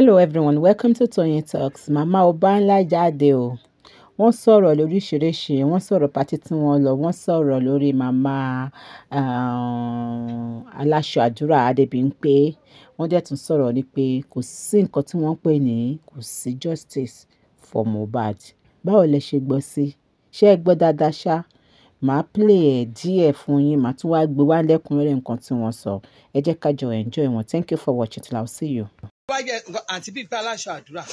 Hello everyone, welcome to Toyeen Talks. Mama ọba ńlá jáde o. Wọ́n sọ̀rọ̀ lóríṣiríṣi, wọ́n sọ̀rọ̀ pátí tí wọ́n lọ, wọ́n sọ̀rọ̀ lórí màmá um, aláṣọ àdúrà Adébímpé. Wọ́n dẹ̀ tún sọ̀rọ̀ ní pé kò sí nǹkan tí wọ́n ń pè ní kò sí justice for Mohbad. Báwo lẹ ṣe gbọ́ sí? Ṣé ẹ gbọ́ dáadáa ṣá? Màá play ẹ̀ díẹ̀ fún yín, màá tún wá gbé wá lẹ́kùnrẹ́rẹ́ nǹkan tí wọ́n sọ. Ẹ jẹ́ ká jọ enjoy wọn. Thank you for watching till I'll see you wá jẹ àǹtí bíi pé aláṣọ àdúrà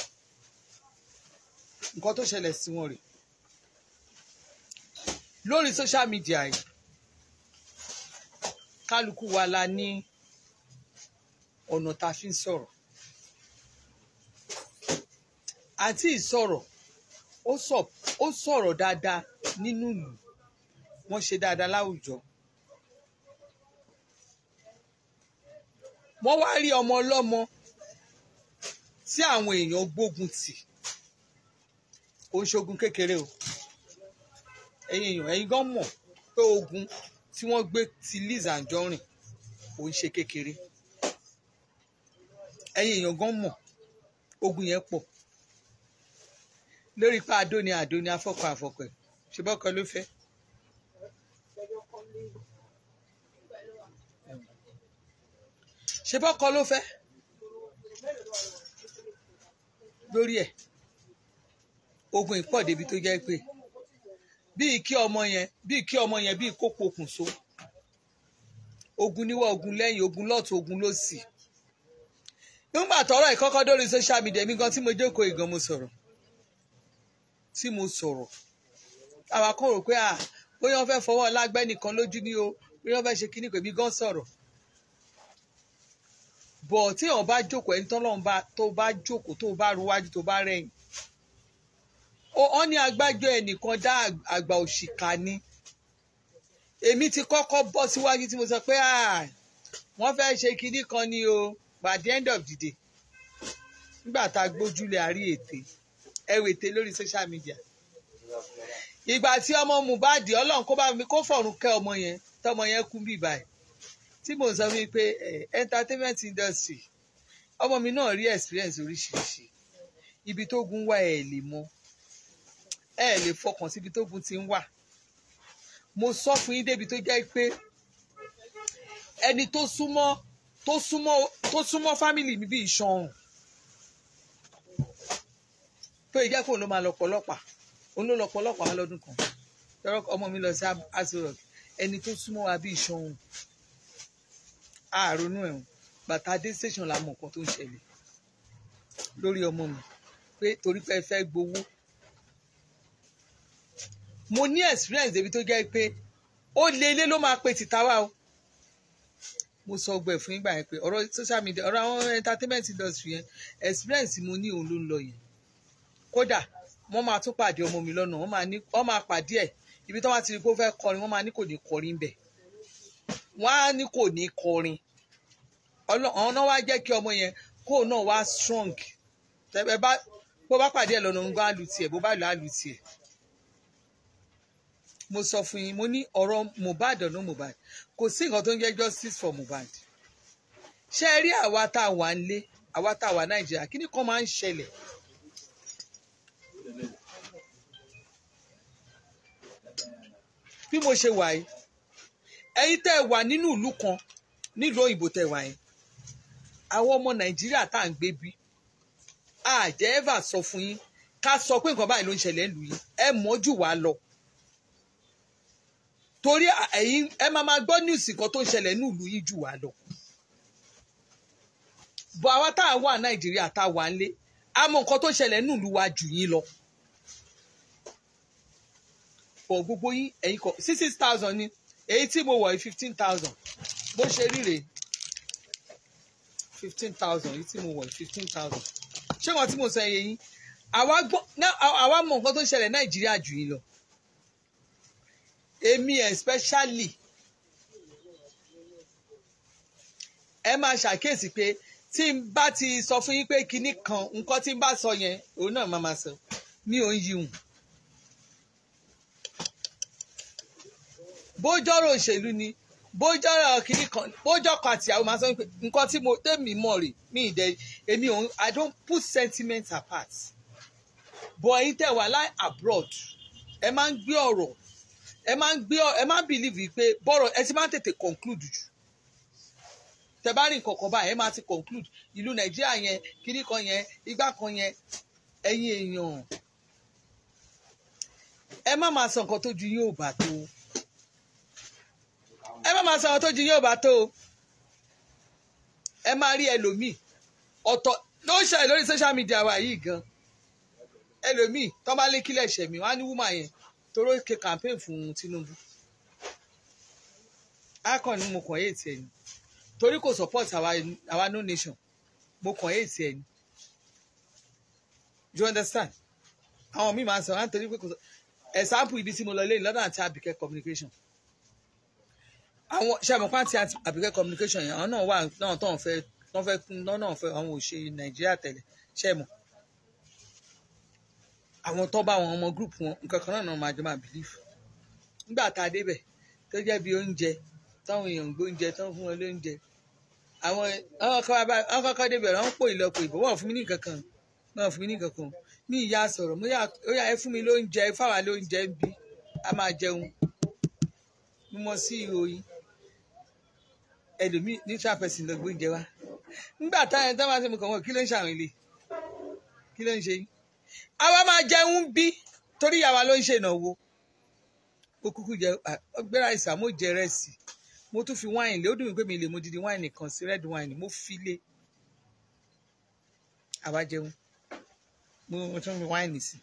nǹkan tó ṣẹlẹ̀ sí wọn rè lórí social media yìí kálukú wa la ní ọ̀nà tá a fi ń sọ̀rọ̀ àǹtí ìsọ̀rọ̀ ó sọ̀rọ̀ dáadáa nínú ìlú wọ́n ṣe dáadáa láwùjọ. wọ́n wá rí ọmọ ọlọ́mọ tí àwọn èèyàn gbógun tì kò ń ṣogun kékeré o ẹ̀yin èèyàn ẹ̀yin gan mọ̀ pé ogun tí wọ́n gbé ti Liz Anjorin kò ń ṣe kékeré ẹ̀yin èèyàn gan mọ̀ ogun yẹn pọ̀ lórí pa àdó ni àdó ni afọkọ àfọkọ ẹ ṣùgbọ́n kan ló fẹ́. ṣe bọ́kọ ló fẹ́ lórí ẹ̀ ogun ìpọ̀ débi tó jẹ́ pé bíi kí ọmọ yẹn bíi kí ọmọ yẹn bíi kó pokùn so ogun níwọ̀ ogun lẹ́yìn ogun lọ́tún ogun lósì nígbà tọ́rọ̀ ìkọ́kọ́ dórí social media mi gan tí mo jókòó ìgan mo sọ̀rọ̀ tí mo sọ̀rọ̀ àwa kan rò pé à bóyá wọ́n fẹ́ fọwọ́ lágbẹ́ nìkan lójú ní o bóyá wọ́n fẹ́ ṣe kíní pé mi gan sọ̀rọ̀ bọ̀ téèyàn bá jókòó ẹni tọ́lọ́run bá tó bá jókòó tó bá ruwájú tó bá rẹ̀yìn ó ní agbájọ ẹnìkan dá àgbà òṣìkà ni èmi ti kọ́kọ́ bọ́ síwájú tí mo sọ pé wọ́n fẹ́ ṣe kinní kan ni o by the end of the day nígbà tá a gbójúlẹ̀ àrí ète ẹ̀wẹ̀ ète lórí social media ìgbà tí ọmọ Mohbad ọlọ́run kó bá mi kó fọ̀run kẹ́ ọmọ yẹn tọmọ yẹn kú bí tí mò ń sọ wípé eh, entertainment industry ọmọ mi náà rí experience oríṣiríṣi ibi tó gun wá ẹ lè mọ ẹ lè fọkàn síbi tó gun ti ń wà mo sọ fún yín débi tó jẹ́ pé ẹni tó súnmọ́ tó súnmọ́ tó súnmọ́ fámìlì mi bí ìṣan ọ̀hún tó ìjẹ́ kó ló máa lọ pọ̀lọ́pàá òun ló lọ pọ̀lọ́pàá lọ́dún kan ọmọ mi lọ sí aṣọ ẹni tó súnmọ́ wa bí ìṣan ọ̀hún àrònú ẹ̀hún bàtà dé station la mọ̀ nǹkan tó ń ṣẹlẹ̀ lórí ọmọ mi pé torí pé ẹ fẹ́ gbowó mo ní experience débi tó jẹ́ pé ó lé ilé ló máa pe tìta wá o mo sọ ọgbẹ fún ìgbà yẹn pé ọ̀rọ̀ social media ọ̀rọ̀ àwọn entertainment industry yẹn experience mo ní òun ló ń lọ yẹn kódà wọ́n máa tún pàdé ọmọ mi lọ́nà wọ́n máa pàdé ẹ̀ ibi tó wá ti rí pé ó fẹ́ kọrin wọ́n máa ní kò ní kọrin bẹ́ẹ̀ wọ́n á ní kò ní kọrin ọ̀hún náà wá jẹ́ kí ọmọ yẹn kó náà wá strong tẹ́lẹ̀ bá bó bá pàdé ẹ̀ lọ́nà ń gbọ́ àlù tiẹ̀ bó bá lọ́ àlù tiẹ̀ mo sọ fún yín mo ní ọ̀rọ̀ Mohbad ọ̀nà Mohbad kò sí nǹkan tó ń jẹ́ justice for Mohbad ṣé ẹ rí àwa tá a wà ń lé àwa tá a wà Nàìjíríà kí ni kan máa ń ṣẹlẹ̀ bí mo ṣe wà yìí ẹ̀yin tẹ́ ẹ wà nínú ìlú kan nílùú òyìnbó tẹ́ ẹ wà yẹn àwọn ọmọ nàìjíríà tá à ń gbé bí àjẹ́ ẹ̀ bá sọ fún yín ká sọ pé nǹkan báyìí ló ń ṣẹlẹ̀ lù yín ẹ mọ̀ wá lọ torí ẹ̀yin ẹ máa máa gbọ́ níùsì kan tó ń ṣẹlẹ̀ ní ìlú yìí jù wá lọ bọ̀ àwa tá à wà nàìjíríà tá a wà nílé a mọ̀ nǹkan tó ń ṣẹlẹ̀ ní ìlú wa jù yín lọ bọ̀ gbogbo yín ẹ̀yin kọ six six thousand ni èyí tí mo wọ̀ yìí fifteen thousand bó ṣe rí fifteen thousand èyí tí mo wọ̀ yìí fifteen thousand ṣé wọn tí mo sọ ẹyẹ yín àwa mọ̀ nǹkan tó ń ṣẹlẹ̀ Nàìjíríà jù yín lọ èmi especially ẹ máa ṣàkíyèsí pé tí n bá ti sọ fún yín pé kinní kan nǹkan tí n bá sọ yẹn òun náà máa máa sọ mi ò ń hùn. bójọ́rò òṣèlú ni bójọ́rò kìíní kan bójọ́kọ̀ àtìyàwó máa sọ pé nǹkan tí mo tẹ́mi mọ̀ rè mí ìdẹ èmi òun I don't put sentiments apart bọ̀ ẹ̀yin tẹ̀ wá láì abroad ẹ máa ń gbé ọ̀rọ̀ ẹ máa ń gbé ẹ máa ń believe pé bọ́rọ̀ ẹ ti máa ń tètè conclude jù tẹ bá rìn kọ̀ọ̀kan báyìí ẹ máa ti conclude ìlú nàìjíríà yẹn kiri kan yẹn igbá kan yẹn ẹ̀yin èèyàn ẹ má máa sọ nǹkan tó ju yín ò bá tó ẹ má máa sanwó tó ju yín ò bá tó o ẹ máa rí ẹlòmíì ọ̀tọ̀ ló ń ṣẹlẹ̀ lórí social media wa yìí gan ẹlòmíì tó bá lé kílẹ̀ ẹ̀ṣẹ̀ mi wọ́n á ní wúmà yẹn toró ke campaign fún Tinubu akọni mo kàn yé tiẹ̀ ni torí kò support àwa no nation mo kàn yé tiẹ̀ ni you understand àwọn míì máa ń sọ wọn á torí pé kò sọ example ibi tí mo lọ lé lọ́dọ̀ àti Àbíkẹ́ communication àwọn ṣàmùpá àti àbíkẹ́ communication yẹn àwọn náà wà náà tó ń fẹ́ tó ń fẹ́ náà náà fẹ́ àwọn òṣè nàìjíríà tẹ́lẹ̀ ṣẹ́mu àwọn tó bá àwọn ọmọ group wọn nǹkan kan náà náà máa jọ máa belief nígbà tá a débẹ̀ tó jẹ́ bí oúnjẹ táwọn èèyàn ń gbóúnjẹ tó ń fún wọn lóúnjẹ àwọn ọkọ̀ débẹ̀ wọ́n ń pò ìlọ́pọ̀ ìbò wọ́n fún mi ní nǹkan kan wọ́n fún mi ní nǹkan kan mi ìyá sọ̀rọ̀ mo yà ẹ fún mi lóúnjẹ fáwa lóúnjẹ ń bí a máa jẹun mo mọ sí e ìròyìn ẹlòmí neutral person ló gbé jẹ wá nígbà táyà tá máa ṣe mo kàn wọ́n kí ló ń ṣàwọn ilé kí ló ń ṣe yín àwa máa jẹun bí torí àwa ló ń ṣe ìnáwó ó kúkú jẹ ọgbẹ́ra ìsàmó jẹ rẹ́sì mo tún fi wáìnì lé ó dùn mí pé mi lè mo didi wáìnì kan sí red wine mo fi lé àwa jẹun mo tún fi wáìnì sí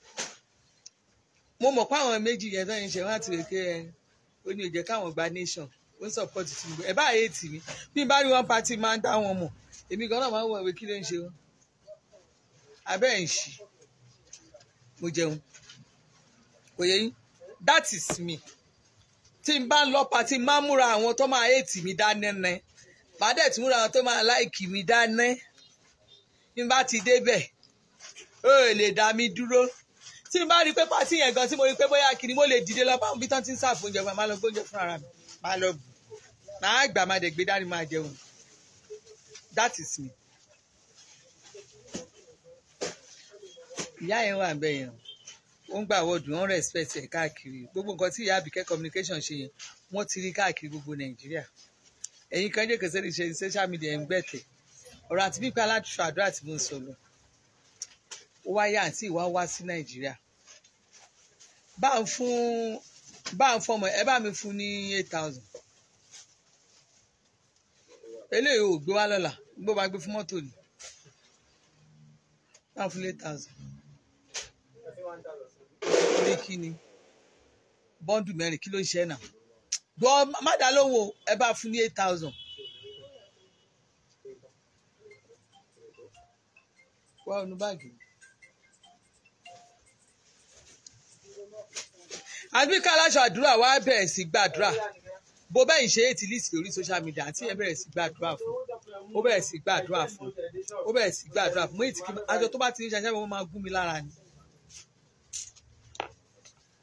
mo mọ̀ pé àwọn méjì yẹn tó ń ṣe wọ́n àti rèké ẹ ó ní ó jẹ́ káwọn gba nation ń support Tinubu ẹ bá àyè tì mí bí n bá rí wọn party máa ń dá wọn mọ̀ èmi gan náà máa ń wọ ìwé kí ló ń ṣe wọn abẹ́ ẹ̀ ń ṣì mo jẹun kò yẹ yín that is me tí n bá ń lọ party máa ń múra àwọn tó máa hate mi dáná náà màá dẹ̀ tún múra àwọn tó máa like mi dáná bí n bá ti débẹ̀ ó lè dá mi dúró tí n bá rí pé party yẹn gan tí mo rí pé bóyá kiri mo lè dìde lọ bá àwọn bí tán ti ń sáà fún oúnjẹ máa lọ gbóúnjẹ fún ara mi máa lọ bù màá gbà má dẹ̀ gbé dání máa jẹun that is me. ìyá yẹn wà bẹ́ẹ̀ yẹn ó ń gbà wọ́ọ̀dù wọ́n respect ẹ̀ káàkiri gbogbo nǹkan tí ìyá Àbíkẹ́ communication ṣe yẹn wọ́n ti rí káàkiri gbogbo Nàìjíríà ẹ̀yin kan jẹ́ kẹsẹ́ ní ṣe social media ń gbẹ̀tẹ̀ ọ̀rọ̀ àti pípẹ́ aláṣọ àdúrà tí mo ń sọ lọ ó wáyé àǹtí ìwà wá sí Nàìjíríà bá ń fún bá ń fọmọ ẹ bá mi fún ní eight thousand eléyìí ò gbé wá lọ́la gbó bá gbé fún mọ́tò ni náà fún eight thousand ní kí ni bọ́ndù mẹ́rin kí ló ń ṣe náà gbọ́ mádà lówó ẹ bá fún ní eight thousand. wá ọnu báàgì. àbíkà aláṣọ àdúrà wá bẹ̀rẹ̀ sí gbàdúrà bó bẹ́ẹ̀ ṣe é ti list lórí social media àti ẹ bẹ̀rẹ̀ sí gbàdúrà fún ó bẹ̀rẹ̀ sí gbàdúrà fún ó bẹ̀rẹ̀ sí gbàdúrà fún Muyideen aṣọ tó bá ti ń ṣe aṣáájú wọn máa gún mi lára ni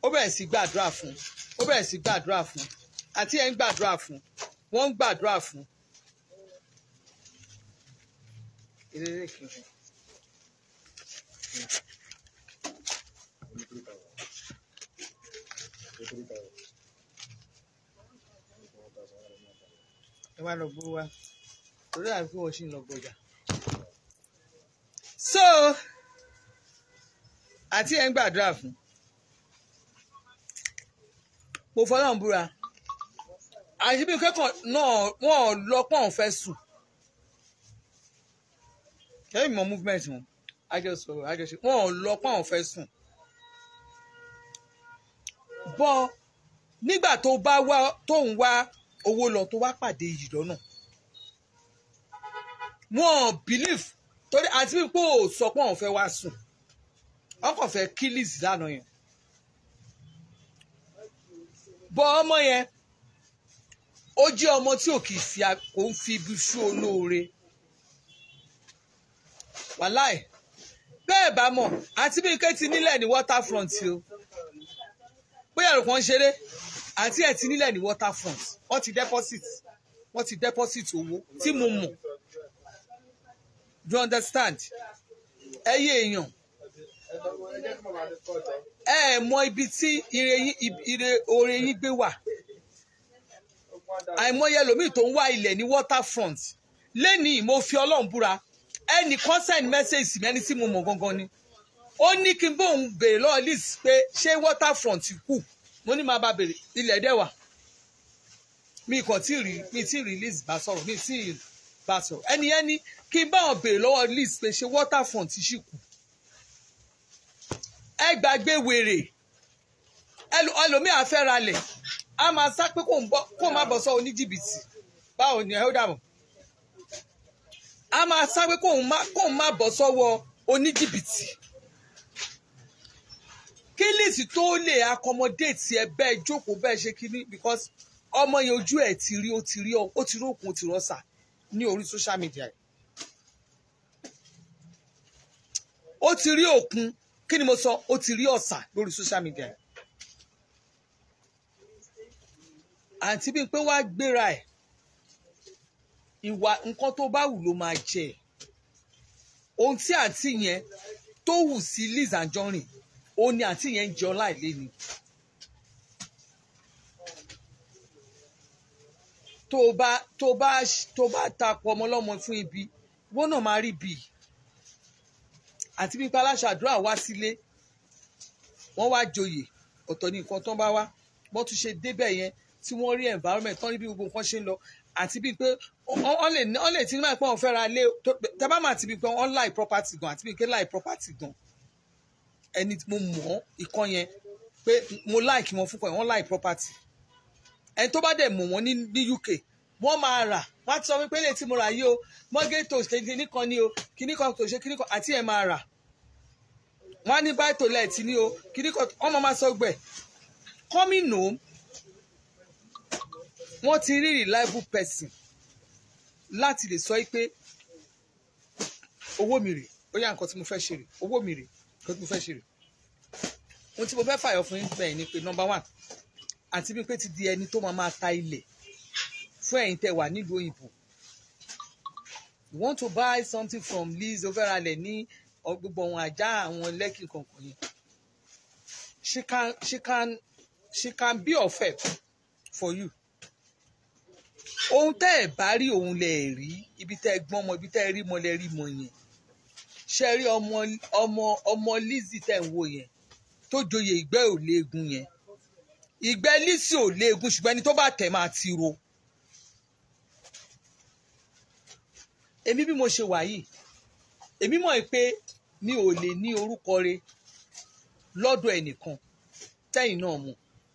ó bẹ̀rẹ̀ sí gbàdúrà fún ó bẹ̀rẹ̀ sí gbàdúrà fún àti ẹ̀ ń gbàdúrà fún wọ́n ń gbàdúrà fún. Thank ẹ wá lọ gbowó wa torí àbí wọ́n ṣì ń lọ gbọjà. so àti ẹ̀ ń gbàdúrà fún mo fọlọ́n búra àti bí kẹ́kọ̀ọ́ náà wọ́n lọ́pọ̀n fẹ́ sùn kẹ́yìn mọ movement wọn àjọṣe àjọṣe wọ́n lọ́pọ̀n fẹ́ sùn bọ́ nígbà tó bá wá tó ń wá owó lọ tó wá pàdé iyì lọ́nà wọn belief torí àti wípé ò sọ pé òun fẹ́ wá sùn ọkàn fẹ́ kílìsì lánàá yẹn bọ ọmọ yẹn ó jẹ́ ọmọ tí ò kì í fi kò ń fi ibi sú olóore wàláì bẹ́ẹ̀ bá mọ̀ àti bí ike ti nílẹ̀ ní waterfront o bóyá ẹ̀rù kan ṣeré àǹtí ẹ̀ ti nílẹ̀ ní water front wọ́n ti deposit wọ́n ti deposit owó tí mo mọ̀ you understand ẹ yé èèyàn ẹ mọ ibi tí ire oore yín gbé wà àìmọye ẹlòmíì tó ń wá ilẹ̀ ní water lẹ́nìí mo fi ọlọ́run búra ẹnì kan send message mi ẹni tí mo mọ̀ gangan ni ó ní kí n bóun béèrè lọ́ọ́ list pé ṣé water kù mo ní máa bá bèrè ilẹ̀ dẹ́wà mi kò tí ì rí mi tí ì rí Liz bá sọ̀rọ̀ mi tí ì bá sọ̀rọ̀ ẹni ẹni kí n bá wọn bèrè lọ́wọ́ Liz pé ṣe waterfront ti ṣì kù ẹ gbàgbé wèrè ẹlòmíì àfẹ́ralẹ̀ a máa sá pé kó má bọ̀ sọ oníjìbìtì báwo ni ẹ ó dàbọ̀ a máa sá pé kó má bọ̀ sọ́wọ́ oníjìbìtì kí lìsì tó lè accommodate ẹ bẹ́ẹ̀ jókòó bẹ́ẹ̀ ṣe kínní because ọmọ yẹn ojú ẹ̀ ti rí ó ti rí ọ ó ti rí òkun ó ti rọ́ṣà ní orí social media yìí ó ti rí òkun kí ni mo sọ ó ti rí ọ̀sà lórí social media yìí àǹtí bíi pé wàá gbéra ẹ̀ ìwà nǹkan tó bá wù ló máa jẹ ohun tí àǹtí yẹn tó wù sí Liz Anjorin ó ní àǹtí yẹn ń jẹun láìlé ni. tó bá tó bá tó bá takò ọmọlọ́mọ fún ibi wọ́n náà máa rí bì í àti pípa aláṣàdúrà wá sílé wọ́n wá joyè ọ̀tọ̀ ní nǹkan tán bá wá wọ́n tún ṣe débẹ̀ yẹn tí wọ́n rí environment tán rí bí gbogbo nǹkan ṣe ń lọ àti bíi pé wọ́n lè tí nígbà pé wọ́n fẹ́ ra ilé tẹ́bá mà ti bíi pé wọ́n láì property gan àti bíi pé láì property gan ẹni mo mọ̀ ìkan yẹn pé mo like wọn fúnpọ̀ wọn like property ẹni tó bá dẹ̀ mọ̀ wọ́n ní UK wọ́n máa rà wọ́n ti sọ wípé lè tí mo rà yí o mortgage to ṣe kíní kan ní o kíní kan tó ṣe kíní kan àti ẹ̀ máa rà wọ́n á ní buy to let ní o kíní kan wọ́n máa sọ gbẹ̀ coming home wọ́n ti rí reliable person láti lè sọ pé owó mi rè ó yá nǹkan tí mo fẹ́ ṣe rè owó mi rè kó tó fẹ́ ṣe rè ohun tí mo fẹ́ fàyọ fún yín bẹ́ẹ̀ ni pé nọmba one àti Bímpé ti di ẹni tó máa máa ta ilẹ̀ fún ẹ̀yin tẹ́ wà nílùú òyìnbó you want to buy something from Liz overalẹ̀ ní gbogbo àwọn ajá àwọn lẹ́kì kọ̀ọ̀kan yẹn she can she can she can be of help for you ohun tẹ́ ẹ̀ bá rí òun lẹ̀ rí ibi tẹ́ ẹ gbọ́n mọ ibi tẹ́ ẹ rí mọ lẹ́ rí mọ yẹn ṣe rí ọmọ ọmọ ọmọ Lizzy tẹ̀ ń wo yẹn tó joyè ìgbẹ́ ò léegun yẹn ìgbẹ́ Lizzy ò léegun ṣùgbọ́n ẹni tó bá tẹ̀ máa ti ro. èmi bí mo ṣe wà yìí èmi mọ̀ pé mi ò lè ní orúkọ re lọ́dọ̀ ẹnìkan tẹ́yìn náà mọ̀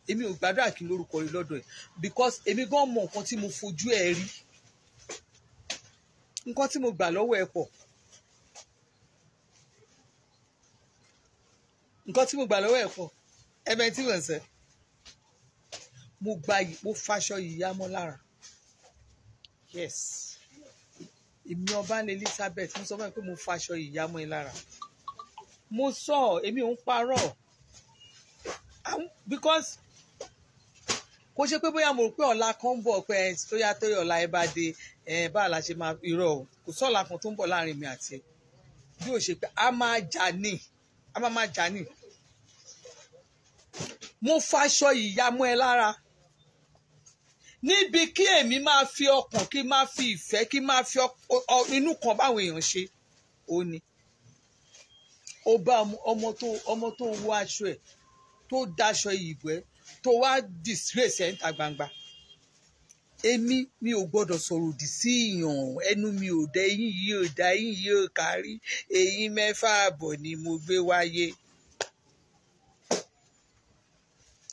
èmi ò gbàdúrà kí n lórúkọ re lọ́dọ̀ ẹ̀ because èmi gan mọ̀ nǹkan tí mo fojú ẹ̀ rí nǹkan tí mo gbà lọ́wọ́ ẹ̀ pọ̀ nǹkan tí mo gbà lọ́wọ́ ẹ̀ pọ̀ ẹ̀mẹ́ tí wọ́n sẹ́ mo gba mo faṣọ ìyá mọ́ lára yes èmi ọba ní Elizabeth mo sọ fún ẹ pé mo faṣọ ìyá mọ́ ẹ lára mo sọ èmi ò ń parọ́ because kò ṣe pé bóyá mo rò pé ọ̀la kan ń bọ̀ pé tó yá tó yọ̀ ọ̀la ẹ bá dé ẹ a la ṣe máa irọ́ o kò sọ̀la kan tó ń bọ̀ láàrin mi àti ẹ bí ò ṣe pé a máa jà ní a máa máa jà ní. mo faṣọ ìyá mọ́ ẹ lára níbi kí èmi máa fi ọkàn kí máa fi ìfẹ́ kí máa fi inú kan báwọn èèyàn ṣe ó ní ó bá ọmọ tó wọ aṣọ ẹ̀ tó daṣọ ìyìbọ ẹ̀ tó wá disgrace ẹ̀ ń ta gbangba èmi mi ò gbọ́dọ̀ sọ̀rọ̀ òdì sí ìyàn ẹnu mi ò dá eyín yìí ò dá eyín yìí ò kárí eyín mẹ́fà àbọ̀ ni mo gbé wáyé.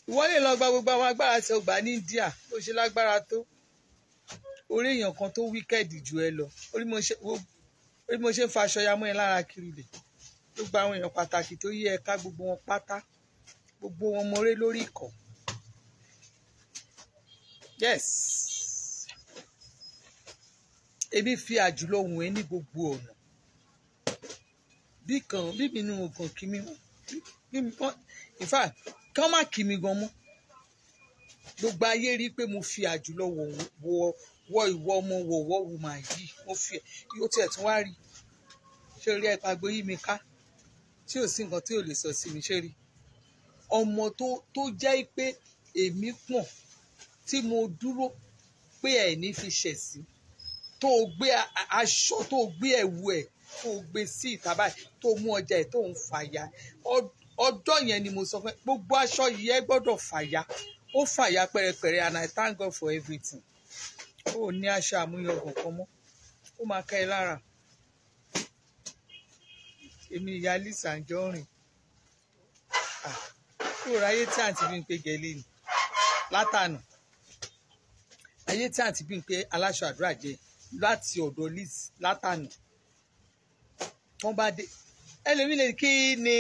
ìwọ lè lọ gba gbogbo àwọn agbára tí o gbà ní India bó ṣe lágbára tó orí èèyàn kan tó wíkẹ́ẹ̀dì jù ẹ lọ orí mo ṣe ń fa aṣọ ya mọ́ ẹ lára kiri lè gbogbo àwọn èèyàn pàtàkì tó yí ẹ gbogbo wọn pátá gbogbo wọn mọ̀rẹ́ lórí ìkọ̀ yes èmi fi àjùlọ wù ẹ́ ní gbogbo ọ̀nà bí kan bí mi nù kan kí mi mọ́ in fact kán má kí mi gan mọ́ gbogbo ayé rí i pé mo fi àjùlọ wọ̀ wọ ìwọ ọmọ wọ̀ wọ́ wùmà yìí mo fi yóò tiẹ̀ tún wá rí ṣé rí ẹ pàgbó yí mi ká tí ò sí nǹkan tí ò lè sọ sí mi ṣé rí ọmọ tó jẹ́ pé èmi pọ̀n tí mo dúró pé ẹ̀ ní fi ṣẹ̀ sí i tó o gbé aṣọ tó o gbé ẹ̀wù ẹ̀ tó o gbé sí ìta báyìí tó o mú ọjà ẹ̀ tó o ń fàyà ọjọ́ yẹn ni mo sọ fún ẹ gbogbo aṣọ yìí ẹ gbọ́dọ̀ fàyà ó fàyà pẹ̀rẹ̀pẹ̀rẹ̀ and I thank God for everything ó ní aṣọ àmúyọ̀gàn kan mọ́ ó máa kẹ́ ẹ lára èmi ìyá Lizzy Anjorin kó ráyé tí àǹtí bí ń pe gẹ̀lé ni látànù ayé tí àǹtí bí ń pe aláṣọ àdúrà jẹ́ láti ọ̀dọ̀ Liz látànà wọ́n bá dé ẹlòmíì lè kí ni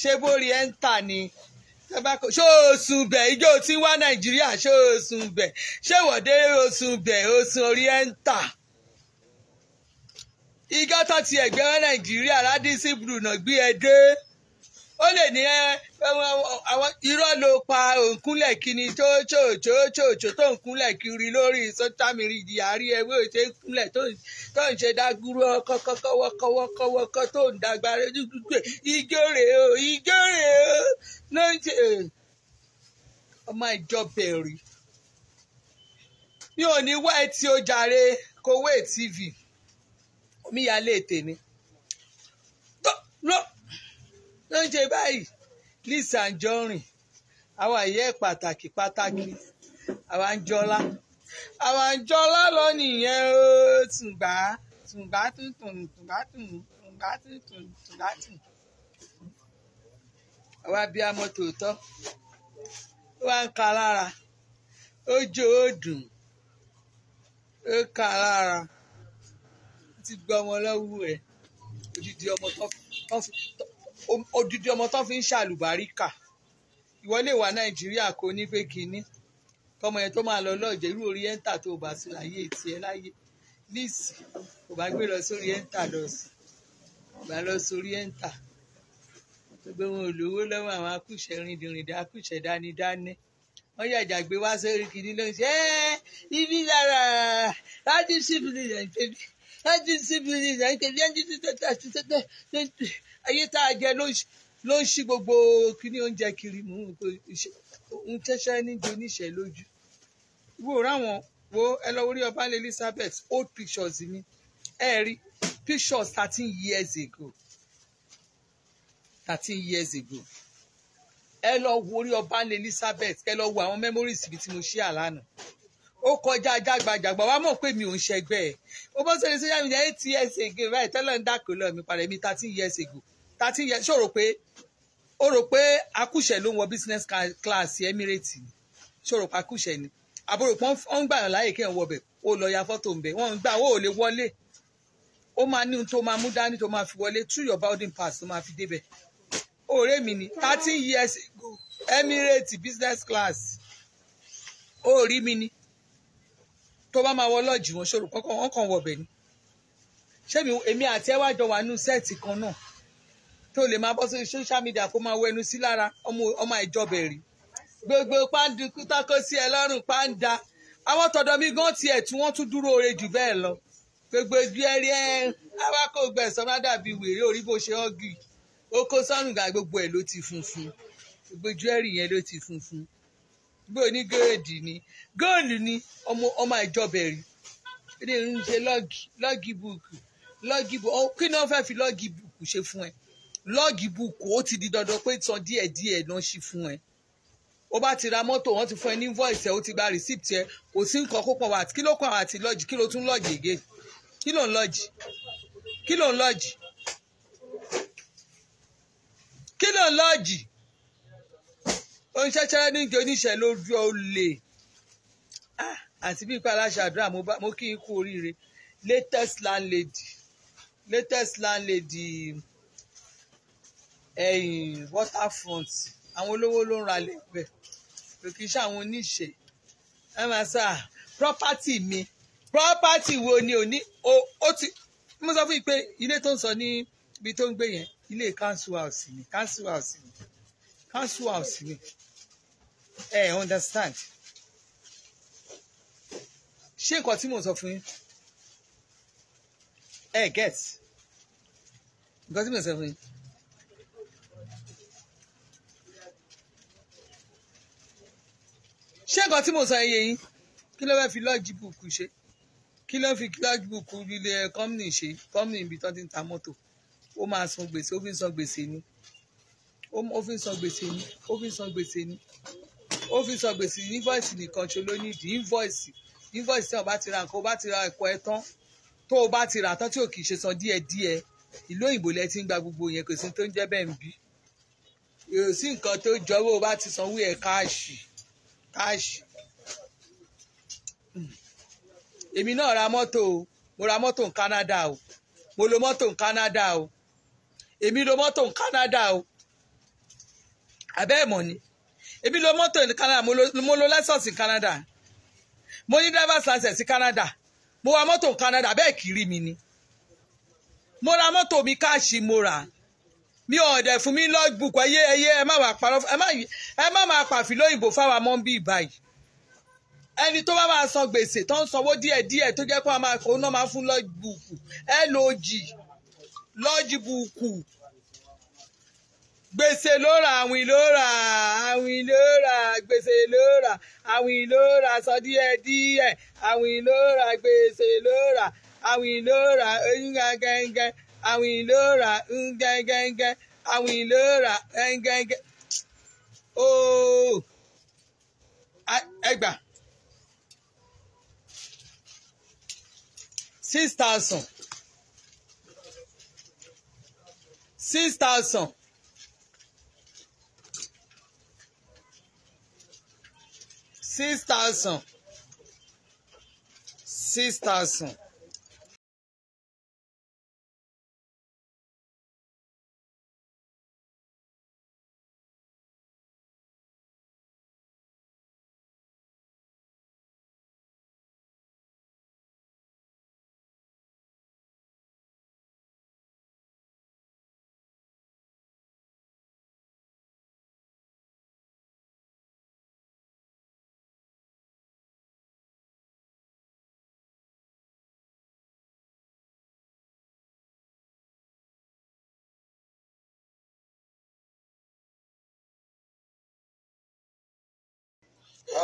ṣé bórí ẹ̀ ń tà ni ṣóòsùn bẹ̀ ijó tí wá Nàìjíríà ṣóòsùn bẹ̀ ṣèwọ̀dé òsùn bẹ̀ òsùn Oriental igá tó ti ẹ̀gbẹ́ Nàìjíríà ládìsí bruna gbé ẹ e dé. ó ni ní irọ́ ló pa òǹkúnlẹ̀ kíni tó tsòtsòtsòtsò tó ń kúnlẹ̀ kiri lórí sọ́tàmìrì ìdíyàrí kúnlẹ̀ tó ń ṣe ọkọ kọwọkọwọkọwọkọ tó ń dàgbára dúdúgbò ijó o ijó o ló ń ṣe ọmọ ìjọ mi o kowé tv omíyalé ni. ló ń ṣe báyìí Liz Anjorin àwa ìyá ẹ̀ pàtàkì pàtàkì àwa ń jọlá àwa ń jọlá lọ nìyẹn ó tùǹgbà tùǹgbà tùǹtùn tùǹgbà tùǹgbà tùǹtùn tùǹgbà tùǹ àwa bí amọ tòótọ́ ó wá ń ka lára ó jó ó dùn ó ka lára ó ti gbọ́ ọmọ lọ́wọ́ ẹ̀ òjijì ọmọ tó fi odidi ọmọ tó fi ń ṣàlùbáríkà ìwọ lè wà nàìjíríà kò ní pé kínní kọmọ yẹn tó máa lọ lọ́ọ̀jẹ̀ irú orienta tó o bá sí láyé tiẹ̀ láyé líìsì kò bá gbé lọ sí orienta lọ sí kò bá lọ sí orienta gbogbo wọn ò lówó lọ́wọ́ àwọn akúṣẹ̀ rìndìnrìndìn akúṣẹ̀ dánidání wọ́n yàjà gbé wá sórí kìíní ló ń ṣe ibi lára rájú ṣìbìlì nàìjíríà agency building ẹ̀ ń tẹ̀lé agency tẹ̀tẹ̀ àti tẹ̀tẹ̀ ayé tá a jẹ ló ń ṣí gbogbo kíní oúnjẹ kiri mú un tẹ́ṣẹ́ níjẹ oníṣẹ́ lójú wo ráwọn wo ẹ lọ orí ọba Elizabeth old pictures mi ẹ rí pictures thirteen years ago thirteen years ago ẹ lọ wo orí ọba Elizabeth ẹ lọ wo àwọn memories ibi tí mo ṣí àlànà ó kọjá jágbajàgba wa mọ̀ pé mi ò ń ṣẹgbẹ́ ẹ̀ ó bọ́ sórí social media eight years ago báyìí tẹ́lẹ̀ ń dàkó lọ mi padà mi thirteen years ago thirteen years ṣòro pé ó rò pé akúṣẹ̀ ló ń wọ business class Emirates ni ṣòro pé akúṣẹ̀ ni àbúrò pé wọ́n ń gbà yàn láàyè kéèyàn wọbẹ̀ ó lọ ya fọ́tò ń bẹ̀ wọ́n ń gbà ó lè wọlé ó máa ní ohun tó máa mú dání tó máa fi wọlé through your boarding pass tó máa fi débẹ̀ ọ̀rẹ́ mi ni thirteen years ago Emirates business class ó rí mi ni tó bá máa wọ lọ́ọ̀jì wọn ṣòro kọ́kọ́ wọn kàn wọ̀ bẹ̀ ni ṣé èmi àti ẹ wá jọ wà nínú sẹ́ẹ̀tì kan náà tó lè máa bọ́ sórí social media kó máa wọ ẹnu sí lára ọmọ ìjọba ẹ̀rí gbogbo pàǹdù kútákó sí ẹ lọ́rùn pàǹdà àwọn tọ̀dọ̀ mi gan tiẹ̀ tí wọ́n tún dúró oore jù bẹ́ẹ̀ lọ gbogbo ibi ẹrí ẹ awakọ̀ gbẹ̀sán má dàbí wèrè orí bó ṣe ọ́gì ó kó sọ́nù gà gbogbo ẹ̀ ló ti funfun gbogbo ibi ẹrí yẹn ló ti funfun gbé oní góòdì ni góòlù ni ọmọ ọmọ ìjọbẹ̀rì ilé ń ṣe lọ́ọ̀gì lọ́ọ̀gì búùkù lọ́ọ̀gì búùkù kí ni wọ́n fẹ́ fi lọ́ọ̀gì búùkù ṣe fún ẹ lọ́ọ̀gì búùkù ó ti di dandan pé tán díẹ̀ díẹ̀ náà ṣí fún ẹ o bá ti ra mọ́tò wọ́n ti fún ẹ ní voice ẹ o ti gba receipt ẹ kò sí nǹkan kó pọ̀ wá kí ló kàn àti lọ́ọ̀jì kí ló tún lọ́ọ̀jì ègé kí ló ń lọ́ọ̀jì kí ló ń lọ́ọ̀jì kí ló ń lọ́ọ̀jì oníṣẹ́ṣẹ́ níjẹ́ oníṣẹ́ ló rí ọ lè ah, àti bí ipa aláṣàdúrà mo kí n kú oríire latest landlady latest landlady ẹ̀yìn waterfront àwọn olówó ló ń ra lẹ́gbẹ̀ẹ́ kì í ṣe àwọn oníṣẹ́ ẹ máa sá property mi property wo ni òní ó ti mo sọ fún yìí pé ilé tó ń sọ ní ibi tó ń gbé yẹn ilé council house ni council house ni council house ni ẹ eh, understand ṣé nǹkan tí mò ń sọ fún yín ẹ get nǹkan tí mò ń sọ fún yín. ṣé nǹkan tí mò ń sọ yẹn yín kí ló fẹ́ fi lọ́ọ̀jì bùkù ṣe kí ló fi lọ́ọ̀jì bùkù ilé kọ́mìnì ṣe kọ́mìnì ibi tó ti ń ta mọ́tò ó máa san gbèsè ó fi ń san gbèsè ni ó fi ń san gbèsè ni ó fi ń san gbèsè ni ó fi sọ gbèsè invoice nìkan ṣe ló nídìí invoice invoice tí wọn bá ti ra nǹkan ó bá ti ra ẹ̀kọ́ ẹ tán tó o bá ti rà tán tí ò kì í ṣe san díẹ̀díẹ̀ ìlú òyìnbó lẹ ti ń gba gbogbo yẹn kò sí tó ń jẹ́ bẹ́ẹ̀ ń bí èrò sí nǹkan tó jọ owó bá ti sanwó ẹ̀ káàṣì káàṣì èmi náà ra mọ́tò o mo ra mọ́tò ní Canada o mo lo mọ́tò ní Canada o èmi lo mọ́tò ní Canada o àbẹ́ ẹ̀mọ́ ni ebi lo mọ́tò ní Canada mo lo license ní Canada mo ní driver's license ní Canada mo wa mọ́tò ní Canada bẹ́ẹ̀ kiri mi ni mo ra mọ́tò mi káàṣì mo rà mi ò dẹ̀ fún mi logbook ẹyẹ ẹyẹ ẹ má máa parọ́ ẹ má máa pàfi lóyìnbó fáwọn ọmọ bíi báyìí ẹni tó bá máa san gbèsè tó ń sanwó díẹ̀díẹ̀ tó jẹ́ pé àwọn máa fún logbook log logbook gbèsè ló rà àwìn ló rà àwìn ló rà gbèsè ló rà àwìn ló rà sọ díẹ̀ díẹ̀ àwìn ló rà gbèsè ló rà àwìn ló rà ngẹngẹngẹ àwìn ló rà ngẹngẹngẹ àwìn ló rà ngẹngẹ ooo ẹgbà six thousand six thousand. six thousand six thousand.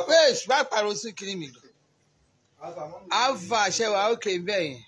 pé ìṣùgbọ́n àparò sí kiri mi. alpha àṣẹwà òkè bẹ́ẹ̀ yẹn.